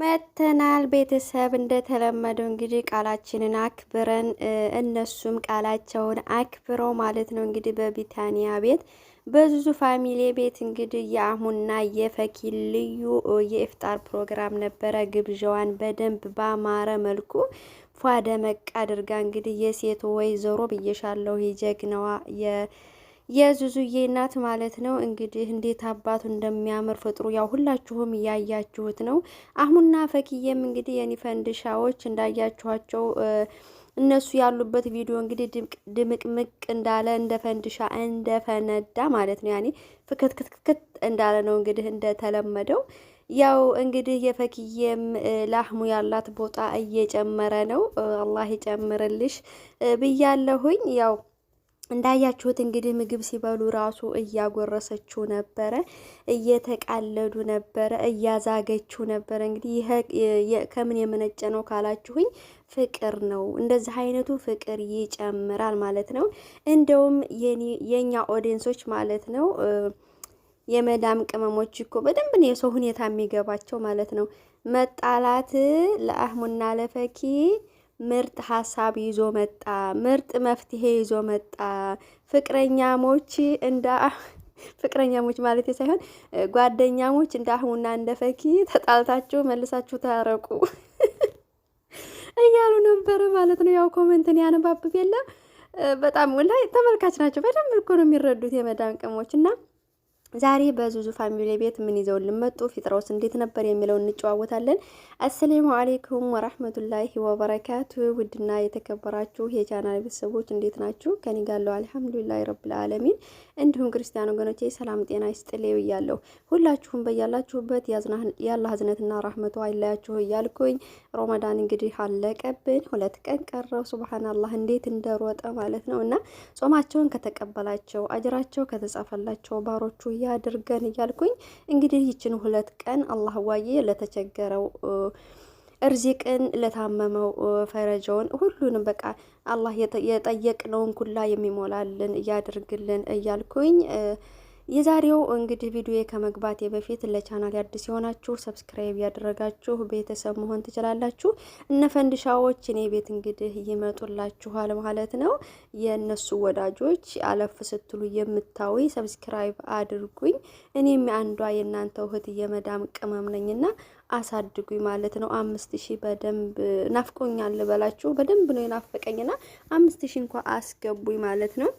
መተናል ቤተሰብ እንደተለመደው እንግዲህ ቃላችንን አክብረን እነሱም ቃላቸውን አክብረው ማለት ነው። እንግዲህ በቢታኒያ ቤት በዙዙ ፋሚሊ ቤት እንግዲህ የአህሙና የፈኪ ልዩ የኢፍጣር ፕሮግራም ነበረ። ግብዣዋን በደንብ ባማረ መልኩ ፏ ደመቅ አድርጋ እንግዲህ የሴቱ ወይዘሮ ብዬሻለሁ የጀግናዋ የዙዙዬ እናት ማለት ነው እንግዲህ እንዴት አባቱ እንደሚያምር ፍጥሩ ያው ሁላችሁም እያያችሁት ነው። አህሙና ፈክዬም እንግዲህ የኔ ፈንድሻዎች እንዳያችኋቸው እነሱ ያሉበት ቪዲዮ እንግዲህ ድምቅምቅ እንዳለ እንደ ፈንድሻ እንደፈነዳ ማለት ነው። ያኔ ፍክትክትክት እንዳለ ነው እንግዲህ እንደተለመደው ያው እንግዲህ የፈክዬም ላህሙ ያላት ቦታ እየጨመረ ነው። አላህ ይጨምርልሽ ብያለሁኝ ያው እንዳያችሁት እንግዲህ ምግብ ሲበሉ ራሱ እያጎረሰችው ነበረ፣ እየተቃለዱ ነበረ፣ እያዛገችው ነበረ። እንግዲህ ይሄ ከምን የመነጨ ነው ካላችሁኝ ፍቅር ነው። እንደዚህ አይነቱ ፍቅር ይጨምራል ማለት ነው። እንደውም የኛ ኦዲየንሶች ማለት ነው የመዳም ቅመሞች እኮ በደንብ ነው የሰው ሁኔታ የሚገባቸው ማለት ነው። መጣላት ለአህሙና ለፈኪ ምርጥ ሀሳብ ይዞ መጣ፣ ምርጥ መፍትሄ ይዞ መጣ። ፍቅረኛሞች እንደ ፍቅረኛሞች ማለት ሳይሆን ጓደኛሞች እንደ አህሙና እንደ ፈኪ ተጣልታችሁ መልሳችሁ ታረቁ እያሉ ነበር ማለት ነው። ያው ኮመንትን ያነባብብ የለም በጣም ላይ ተመልካች ናቸው። በደንብ እኮ ነው የሚረዱት የመዳን ቅሞች እና ዛሬ በዙዙ ፋሚሊ ቤት ምን ይዘው ልመጡ ፊጥራውስ እንዴት ነበር የሚለውን እንጨዋወታለን። አሰላሙ አሌይኩም ወራህመቱላሂ ወበረካቱ። ውድና የተከበራችሁ የቻናል ቤተሰቦች እንዴት ናችሁ? ከኔ ጋለው አልሐምዱሊላሂ ረብል ዓለሚን። እንዲሁም ክርስቲያን ወገኖቼ ሰላም ጤና ይስጥልኝ እያለሁ ሁላችሁም በያላችሁበት የአላህ ህዝነትና ራህመቱ አይለያችሁ እያልኩኝ ሮመዳን እንግዲህ አለቀብን፣ ሁለት ቀን ቀረው። ሱብሃንአላህ እንዴት እንደሮጠ ማለት ነው እና ጾማቸውን ከተቀበላቸው አጅራቸው ከተጻፈላቸው ባሮቹ ያድርገን እያልኩኝ እንግዲህ ይችን ሁለት ቀን አላህ ዋዬ ለተቸገረው እርዚቅን ለታመመው ፈረጃውን ሁሉንም በቃ አላህ የጠየቅነውን ኩላ የሚሞላልን እያድርግልን እያልኩኝ የዛሬው እንግዲህ ቪዲዮ ከመግባቴ በፊት ለቻናል አዲስ የሆናችሁ ሰብስክራይብ ያደረጋችሁ ቤተሰብ መሆን ትችላላችሁ። እነ ፈንድሻዎች እኔ ቤት እንግዲህ ይመጡላችኋል ማለት ነው። የእነሱ ወዳጆች አለፍ ስትሉ የምታዊ ሰብስክራይብ አድርጉኝ። እኔም አንዷ የእናንተ ውህት የመዳም ቅመም ነኝና አሳድጉኝ ማለት ነው። አምስት ሺህ በደንብ ናፍቆኛል በላችሁ። በደንብ ነው የናፈቀኝና አምስት ሺህ እንኳ አስገቡኝ ማለት ነው።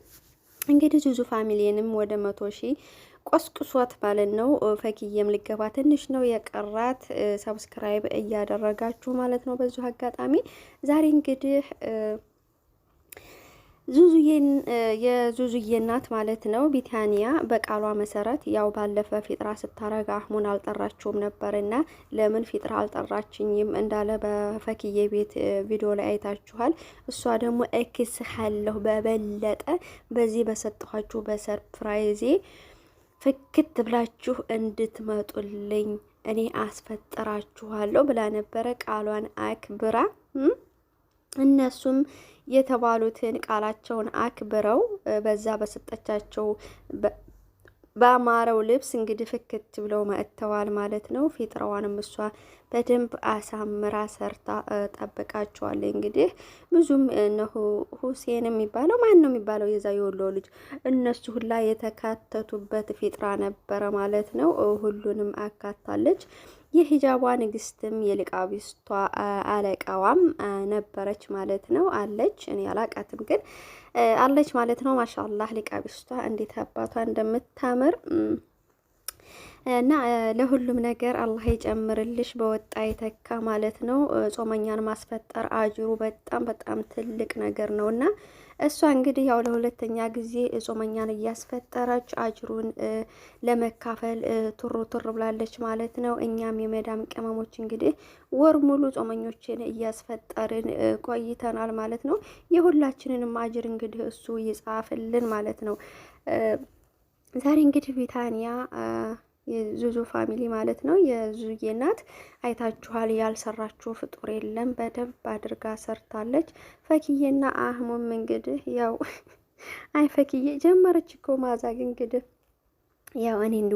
እንግዲህ ዙዙ ፋሚሊንም ወደ መቶ ሺህ ቆስቁሷት ማለት ነው። ፈኪየም ልገባ ትንሽ ነው የቀራት። ሰብስክራይብ እያደረጋችሁ ማለት ነው። በዚሁ አጋጣሚ ዛሬ እንግዲህ የዙዙዬ እናት ማለት ነው ቢታንያ በቃሏ መሰረት ያው ባለፈ ፊጥራ ስታረግ አህሙን አልጠራችውም ነበርና ለምን ፊጥራ አልጠራችኝም እንዳለ በፈክዬ ቤት ቪዲዮ ላይ አይታችኋል። እሷ ደግሞ እክስሃለሁ በበለጠ በዚህ በሰጠኋችሁ በሰርፕራይዜ ፍክት ብላችሁ እንድትመጡልኝ እኔ አስፈጥራችኋለሁ ብላ ነበረ ቃሏን አክብራ እነሱም የተባሉትን ቃላቸውን አክብረው በዛ በሰጠቻቸው በአማረው ልብስ እንግዲህ ፍክት ብለው መጥተዋል ማለት ነው። ፊጥረዋንም እሷ በደንብ አሳምራ ሰርታ ጠብቃቸዋለሁ። እንግዲህ ብዙም እነሆ ሁሴን የሚባለው ማን ነው የሚባለው የዛ የወሎ ልጅ እነሱ ሁላ የተካተቱበት ፊጥራ ነበረ ማለት ነው። ሁሉንም አካታለች። የሂጃቧ ንግስትም የልቃቢስቷ አለቃዋም ነበረች ማለት ነው። አለች እኔ አላቃትም ግን አለች ማለት ነው። ማሻላህ ሊቃቢስቷ እንዴት አባቷ እንደምታምር እና ለሁሉም ነገር አላህ ይጨምርልሽ፣ በወጣ የተካ ማለት ነው። ጾመኛን ማስፈጠር አጅሩ በጣም በጣም ትልቅ ነገር ነው እና እሷ እንግዲህ ያው ለሁለተኛ ጊዜ ጾመኛን እያስፈጠረች አጅሩን ለመካፈል ቱር ቱር ብላለች ማለት ነው። እኛም የመዳም ቅመሞች እንግዲህ ወር ሙሉ ጾመኞችን እያስፈጠርን ቆይተናል ማለት ነው። የሁላችንንም አጅር እንግዲህ እሱ ይጻፍልን ማለት ነው። ዛሬ እንግዲህ ቢታንያ የዙዙ ፋሚሊ ማለት ነው የዙዬ እናት አይታችኋል። ያልሰራችሁ ፍጡር የለም። በደንብ አድርጋ ሰርታለች። ፈኪዬና አህሙም እንግዲህ ያው አይ ፈኪዬ ጀመረች እኮ ማዛግ እንግዲህ ያው እኔ እንዲ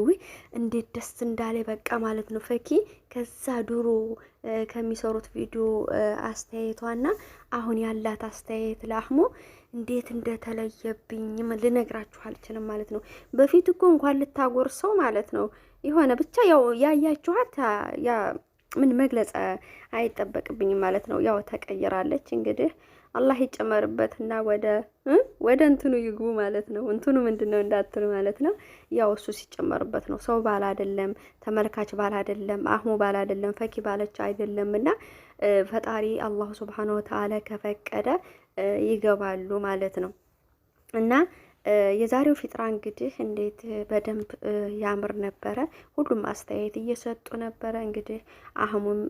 እንዴት ደስ እንዳለ በቃ ማለት ነው ፈኪ ከዛ ድሮ ከሚሰሩት ቪዲዮ አስተያየቷና አሁን ያላት አስተያየት ለአህሙ እንዴት እንደተለየብኝም ልነግራችሁ አልችልም ማለት ነው። በፊት እኮ እንኳን ልታጎርሰው ማለት ነው የሆነ ብቻ ያው ያያችኋት ምን መግለጽ አይጠበቅብኝም ማለት ነው። ያው ተቀይራለች እንግዲህ አላህ እና ወደ ወደ እንትኑ ይግቡ ማለት ነው። እንትኑ ምንድን ነው እንዳትሉ ማለት ነው። ያው እሱ ሲጨመርበት ነው። ሰው ባል አይደለም፣ ተመልካች ባል አይደለም፣ አህሙ ባል አይደለም፣ ፈኪ ባለች አይደለም። እና ፈጣሪ አላሁ ስብሓነ ወተዓላ ከፈቀደ ይገባሉ ማለት ነው እና የዛሬው ፊጥራ እንግዲህ እንዴት በደንብ ያምር ነበረ። ሁሉም አስተያየት እየሰጡ ነበረ። እንግዲህ አህሙም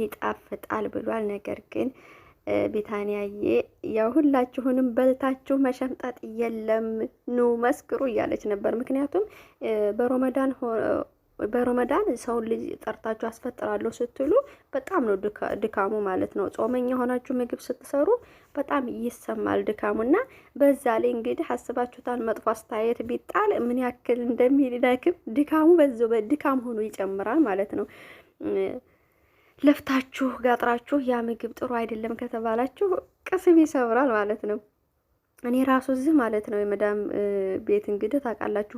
ይጣፍጣል ብሏል። ነገር ግን ቢታንያዬ ያው ሁላችሁንም በልታችሁ መሸምጣት የለም ኑ መስክሩ እያለች ነበር። ምክንያቱም በሮመዳን በሮመዳን ሰው ልጅ ጠርታችሁ አስፈጥራለሁ ስትሉ በጣም ነው ድካሙ ማለት ነው። ጾመኛ ሆናችሁ ምግብ ስትሰሩ በጣም ይሰማል ድካሙና በዛ ላይ እንግዲህ አስባችሁታን መጥፎ አስተያየት ቢጣል ምን ያክል እንደሚደክም ድካሙ በዛው በድካም ሆኖ ይጨምራል ማለት ነው። ለፍታችሁ ጋጥራችሁ ያ ምግብ ጥሩ አይደለም ከተባላችሁ ቅስም ይሰብራል ማለት ነው። እኔ ራሱ እዚህ ማለት ነው የመዳም ቤት እንግዲህ ታውቃላችሁ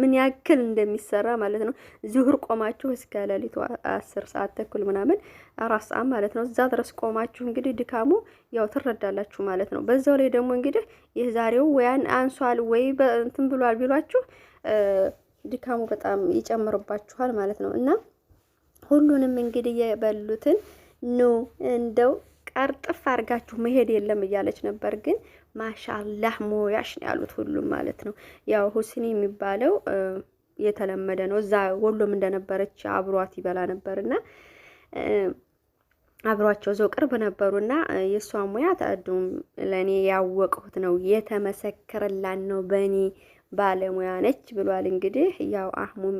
ምን ያክል እንደሚሰራ ማለት ነው። ዙሁር ቆማችሁ እስከ ሌሊቱ አስር ሰዓት ተኩል ምናምን አራት ሰዓት ማለት ነው። እዛ ድረስ ቆማችሁ እንግዲህ ድካሙ ያው ትረዳላችሁ ማለት ነው። በዛው ላይ ደግሞ እንግዲህ የዛሬው ወያን አንሷል ወይ እንትን ብሏል ቢሏችሁ ድካሙ በጣም ይጨምርባችኋል ማለት ነው እና ሁሉንም እንግዲህ የበሉትን ኑ እንደው ቀርጥፍ አድርጋችሁ መሄድ የለም እያለች ነበር። ግን ማሻላህ ሞያሽ ነው ያሉት ሁሉም ማለት ነው። ያው ሁስኒ የሚባለው የተለመደ ነው። እዛ ወሎም እንደነበረች አብሯት ይበላ ነበር እና አብሯቸው ዘው ቅርብ ነበሩ ነበሩና የእሷ ሙያ ተአዱም ለእኔ ያወቅሁት ነው የተመሰክርላን ነው በእኔ ባለሙያ ነች ብሏል። እንግዲህ ያው አህሙም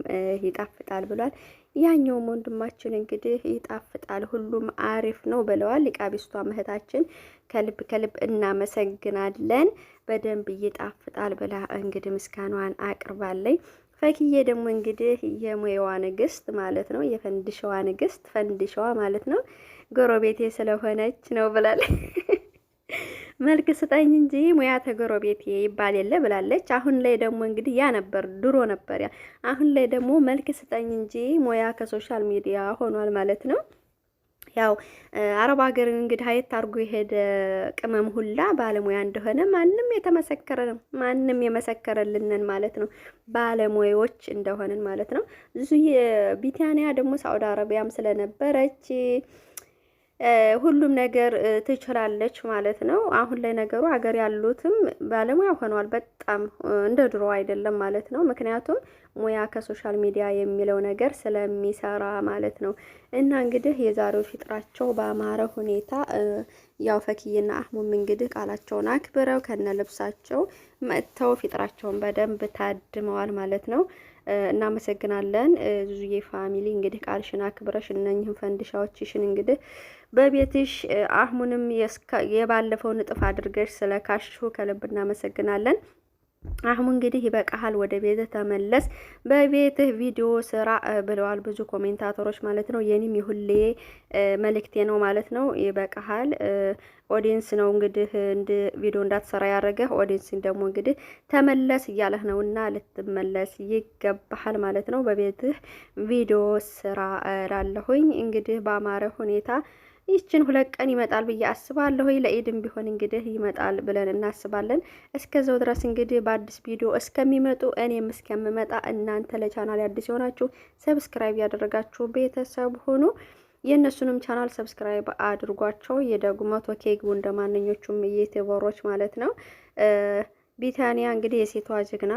ይጣፍጣል ብሏል። ያኛውም ወንድማችን እንግዲህ ይጣፍጣል፣ ሁሉም አሪፍ ነው ብለዋል። ሊቃቢስቷ እህታችን ከልብ ከልብ እናመሰግናለን። በደንብ ይጣፍጣል ብላ እንግዲህ ምስጋናዋን አቅርባለኝ። ፈኪዬ ደግሞ እንግዲህ የሙያዋ ንግስት ማለት ነው፣ የፈንድሸዋ ንግስት ፈንድሸዋ ማለት ነው። ጎረቤቴ ስለሆነች ነው ብላለች። መልክ ስጠኝ እንጂ ሙያ ቤት ይባል የለ ብላለች። አሁን ላይ ደግሞ እንግዲህ ያ ነበር ድሮ ነበር ያ። አሁን ላይ ደግሞ መልክ ስጠኝ እንጂ ሙያ ከሶሻል ሚዲያ ሆኗል ማለት ነው። ያው አረብ ሀገር እንግዲህ ሀየት አድርጎ የሄደ ቅመም ሁላ ባለሙያ እንደሆነ ማንም የተመሰከረ ነው። ማንም የመሰከረልንን ማለት ነው ባለሙያዎች እንደሆነን ማለት ነው። ብዙ ቢታንያ ደግሞ ሳውዲ አረቢያም ስለነበረች ሁሉም ነገር ትችላለች ማለት ነው። አሁን ላይ ነገሩ አገር ያሉትም ባለሙያ ሆነዋል። በጣም እንደ ድሮ አይደለም ማለት ነው። ምክንያቱም ሙያ ከሶሻል ሚዲያ የሚለው ነገር ስለሚሰራ ማለት ነው። እና እንግዲህ የዛሬው ፊጥራቸው በአማረ ሁኔታ ያው ፈኪይና አህሙም እንግዲህ ቃላቸውን አክብረው ከነ ልብሳቸው መጥተው ፊጥራቸውን በደንብ ታድመዋል ማለት ነው። እናመሰግናለን። ዙዙዬ ፋሚሊ እንግዲህ ቃልሽን አክብረሽ እነኝህን ፈንድሻዎችሽን እንግዲህ በቤትሽ አሁንም የባለፈውን እጥፍ አድርገሽ ስለ ካሽሹ ከልብ እናመሰግናለን። አሁን እንግዲህ ይበቃሃል፣ ወደ ቤትህ ተመለስ፣ በቤትህ ቪዲዮ ስራ ብለዋል ብዙ ኮሜንታተሮች ማለት ነው። የኔም የሁሌ መልእክቴ ነው ማለት ነው። ይበቃሃል ኦዲየንስ ነው እንግዲህ እንድ ቪዲዮ እንዳትሰራ ያደረገህ ኦዲየንስን ደግሞ እንግዲህ ተመለስ እያለህ ነውና ልትመለስ ይገባሃል ማለት ነው። በቤትህ ቪዲዮ ስራ እላለሁኝ እንግዲህ በአማረ ሁኔታ ይችን ሁለት ቀን ይመጣል ብዬ አስባለሁ። ለኢድም ቢሆን እንግዲህ ይመጣል ብለን እናስባለን። እስከዛው ድረስ እንግዲህ በአዲስ ቪዲዮ እስከሚመጡ እኔም እስከምመጣ እናንተ ለቻናል አዲስ የሆናችሁ ሰብስክራይብ ያደረጋችሁ ቤተሰብ ሆኑ። የእነሱንም ቻናል ሰብስክራይብ አድርጓቸው። የደጉ መቶ እንደ ማንኞቹም ዩቲዩበሮች ማለት ነው። ቢታኒያ እንግዲህ የሴቷ ጀግና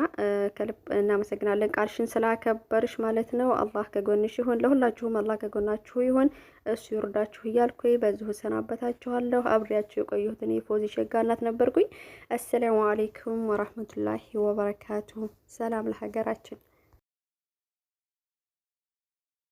ከልብ እናመሰግናለን፣ ቃልሽን ስላከበርሽ ማለት ነው። አላህ ከጎንሽ ይሁን። ለሁላችሁም አላህ ከጎናችሁ ይሁን፣ እሱ ይርዳችሁ እያልኩ በዚሁ ሰናበታችኋለሁ። አብሬያችሁ የቆየሁት እኔ ፎዚ ሸጋ እናት ነበርኩኝ። አሰላሙ አሌይኩም ወራህመቱላሂ ወበረካቱ ሰላም ለሀገራችን።